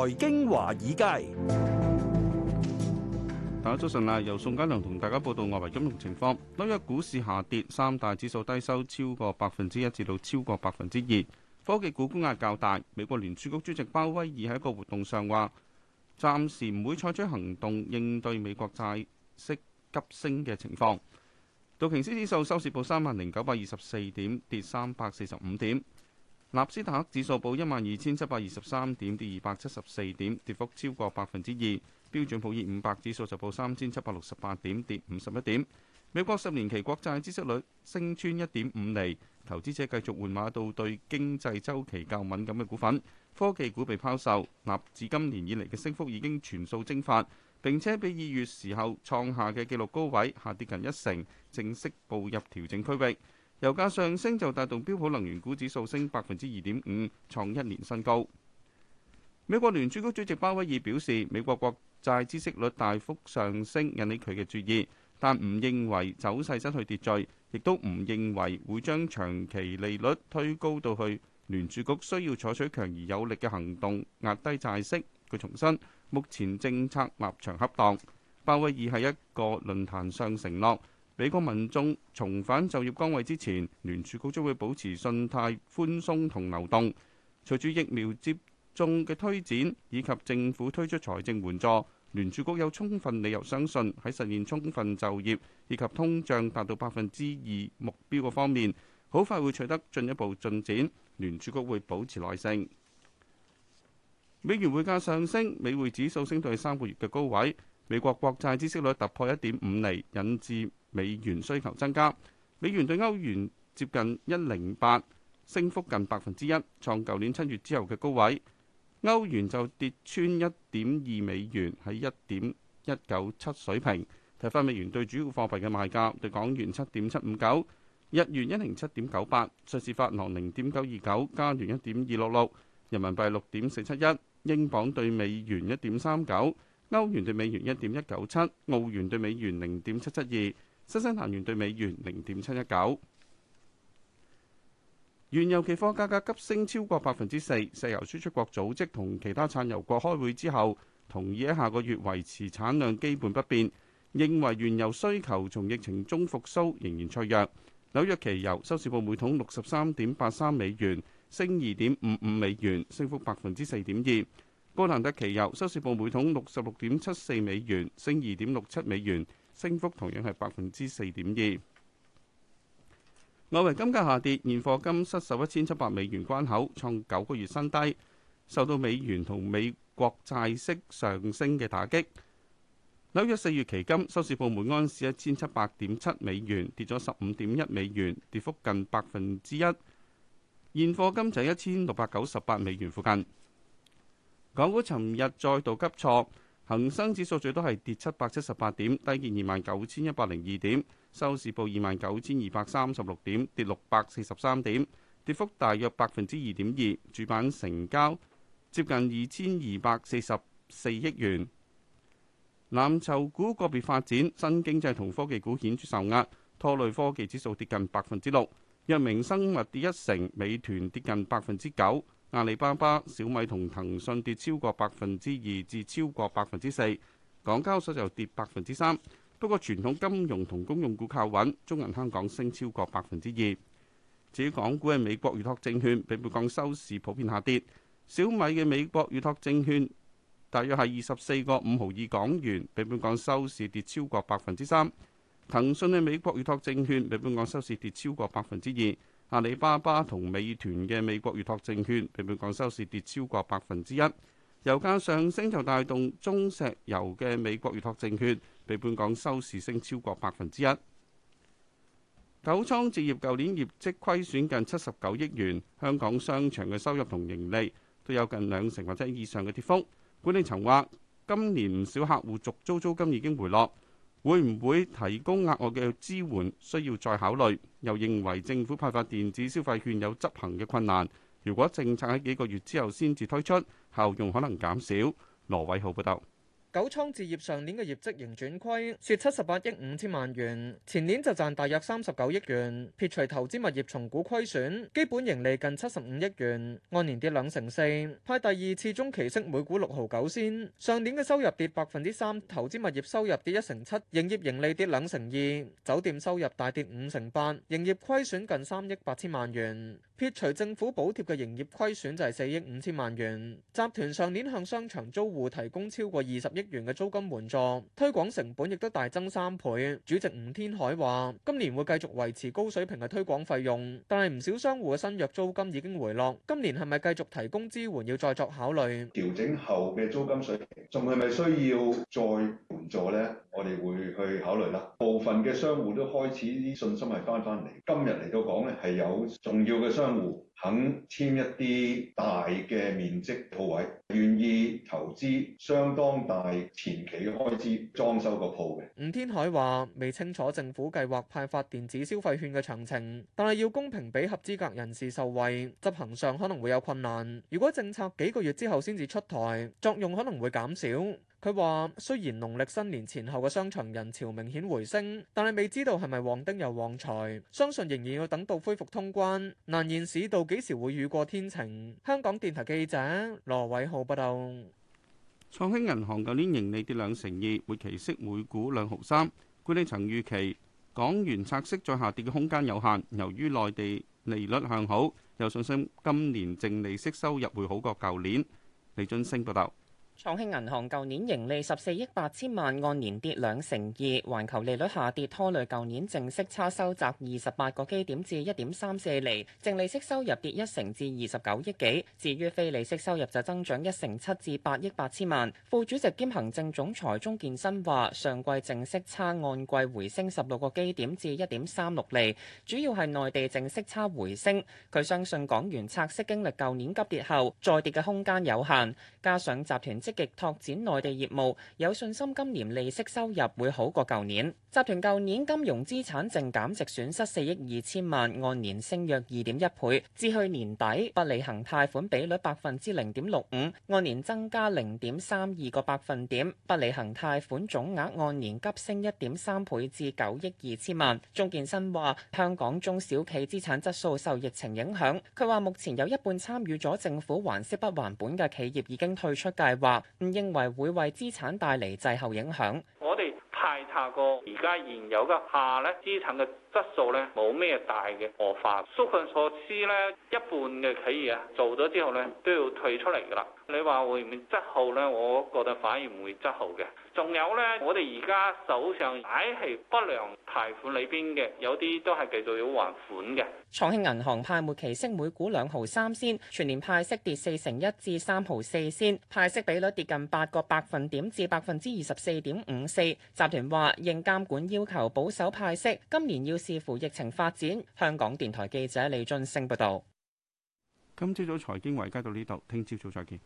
財經華爾街，大家早晨啊！由宋嘉良同大家報道外圍金融情況。今日股市下跌，三大指數低收超過百分之一，至到超過百分之二。科技股沽壓較大。美國聯儲局主席鮑威爾喺一個活動上話，暫時唔會採取行動應對美國債息急升嘅情況。道瓊斯指數收市報三萬零九百二十四點，跌三百四十五點。納斯達克指數報一萬二千七百二十三點，跌二百七十四點，跌幅超過百分之二。標準普爾五百指數就報三千七百六十八點，跌五十一點。美國十年期國債孳息率升穿一點五厘，投資者繼續換馬到對經濟周期較敏感嘅股份，科技股被拋售，納指今年以嚟嘅升幅已經全數蒸發，並且比二月時候創下嘅紀錄高位下跌近一成，正式步入調整區域。油價上升就帶動標普能源股指數升百分之二點五，創一年新高。美國聯儲局主席鮑威爾表示，美國國債孳息率大幅上升引起佢嘅注意，但唔認為走勢失去秩序，亦都唔認為會將長期利率推高到去。聯儲局需要採取強而有力嘅行動壓低債息。佢重申，目前政策立場恰當，鮑威爾喺一個論壇上承諾。美國民眾重返就業崗位之前，聯儲局將會保持信貸寬鬆同流動。隨住疫苗接種嘅推展以及政府推出財政援助，聯儲局有充分理由相信喺實現充分就業以及通脹達到百分之二目標嘅方面，好快會取得進一步進展。聯儲局會保持耐性。美元匯價上升，美匯指數升到去三個月嘅高位。美國國債孳息，孳息率突破一點五厘，引致。美元需求增加，美元對歐元接近一零八，升幅近百分之一，創舊年七月之後嘅高位。歐元就跌穿一點二美元，喺一點一九七水平。睇返美元對主要貨幣嘅賣價，對港元七點七五九，日元一零七點九八，瑞士法郎零點九二九，加元一點二六六，人民幣六點四七一，英鎊對美元一點三九，歐元對美元一點一九七，澳元對美元零點七七二。新西蘭元兌美元零點七一九，原油期貨價格急升超過百分之四。石油輸出國組織同其他產油國開會之後，同意喺下個月維持產量基本不變，認為原油需求從疫情中復甦仍然脆弱。紐約期油收市報每桶六十三點八三美元，升二點五五美元，升幅百分之四點二。布蘭特期油收市報每桶六十六點七四美元，升二點六七美元。升幅同樣係百分之四點二。外圍金價下跌，現貨金失守一千七百美元關口，創九個月新低，受到美元同美國債息上升嘅打擊。紐約四月期金收市報每安士一千七百點七美元，跌咗十五點一美元，跌幅近百分之一。現貨金就喺一千六百九十八美元附近。港股尋日再度急挫。恒生指數最多係跌七百七十八點，低見二萬九千一百零二點，收市報二萬九千二百三十六點，跌六百四十三點，跌幅大約百分之二點二。主板成交接近二千二百四十四億元。藍籌股個別發展，新經濟同科技股顯著受壓，拖累科技指數跌近百分之六。藥明生物跌一成，美團跌近百分之九。阿里巴巴、小米同騰訊跌超過百分之二至超過百分之四，港交所就跌百分之三。不過傳統金融同公用股靠穩，中銀香港升超過百分之二。至於港股嘅美國預託證券，比本港收市普遍下跌。小米嘅美國預託證券大約係二十四個五毫二港元，比本港收市跌超過百分之三。騰訊嘅美國預託證券比本港收市跌超過百分之二。阿里巴巴同美團嘅美國預託證券被本港收市跌超過百分之一，油價上升就帶動中石油嘅美國預託證券被本港收市升超過百分之一。九倉置業舊年業績虧損近七十九億元，香港商場嘅收入同盈利都有近兩成或者以上嘅跌幅。管理層話今年唔少客戶續租租金已經回落。會唔會提供額外嘅支援？需要再考慮。又認為政府派發電子消費券有執行嘅困難。如果政策喺幾個月之後先至推出，效用可能減少。羅偉浩報道。九倉置業上年嘅業績盈轉虧，蝕七十八億五千萬元。前年就賺大約三十九億元，撇除投資物業重估虧損，基本盈利近七十五億元，按年跌兩成四，派第二次中期息每股六毫九仙。上年嘅收入跌百分之三，投資物業收入跌一成七，營業盈利跌兩成二，酒店收入大跌五成八，營業虧損近三億八千萬元，撇除政府補貼嘅營業虧損就係四億五千萬元。集團上年向商場租戶提供超過二十億億元嘅租金援助，推廣成本亦都大增三倍。主席吳天海話，今年會繼續維持高水平嘅推廣費用，但係唔少商戶嘅新約租金已經回落，今年係咪繼續提供支援要再作考慮。調整後嘅租金水平仲係咪需要再援助呢？我哋會去考慮啦。部分嘅商戶都開始啲信心係翻翻嚟。今日嚟到講咧，係有重要嘅商戶。肯簽一啲大嘅面積鋪位，願意投資相當大前期嘅開支裝修個鋪。吳天海話：未清楚政府計劃派發電子消費券嘅詳情，但係要公平畀合資格人士受惠，執行上可能會有困難。如果政策幾個月之後先至出台，作用可能會減少。佢話：雖然農曆新年前後嘅商場人潮明顯回升，但係未知道係咪旺丁又旺財，相信仍然要等到恢復通關，難言市道。幾時會雨過天晴？香港電台記者羅偉浩報道。創興銀行舊年盈利跌兩成二，末期息每股兩毫三。管理層預期港元拆息再下跌嘅空間有限，由於內地利率向好，有信心今年淨利息收入會好過舊年。李俊升報道。創興銀行舊年盈利十四億八千萬，按年跌兩成二。環球利率下跌拖累舊年淨息差收窄二十八個基點至一點三四厘，淨利息收入跌一成至二十九億幾。至於非利息收入就增長一成七至八億八千萬。副主席兼行政總裁鍾建新話：上季淨息差按季回升十六個基點至一點三六厘，主要係內地淨息差回升。佢相信港元拆息經歷舊年急跌後，再跌嘅空間有限，加上集團積積極拓展內地業務，有信心今年利息收入會好過舊年。集團舊年金融資產淨減值損失四億二千萬，按年升約二點一倍。至去年底，不履行貸款比率百分之零點六五，按年增加零點三二個百分點。不履行貸款總額按年急升一點三倍至九億二千萬。鍾建新話：香港中小企資產質素受疫情影響。佢話目前有一半參與咗政府還息不還本嘅企業已經退出計劃，唔認為會為資產帶嚟滯後影響。太差過而家現有嘅下咧資產嘅。質素呢冇咩大嘅惡化，縮困措施呢一半嘅企業啊做咗之後呢都要退出嚟㗎喇。你話會唔會質好呢？我覺得反而唔會質好嘅。仲有呢，我哋而家手上喺係不良貸款裏邊嘅，有啲都係繼續要還款嘅。創興銀行派末期息每股兩毫三仙，全年派息跌四成一至三毫四仙，派息比率跌近八個百分點至百分之二十四點五四。集團話應監管要求保守派息，今年要。視乎疫情發展，香港電台記者李俊升報導。今朝早財經華爾街到呢度，聽朝早再見。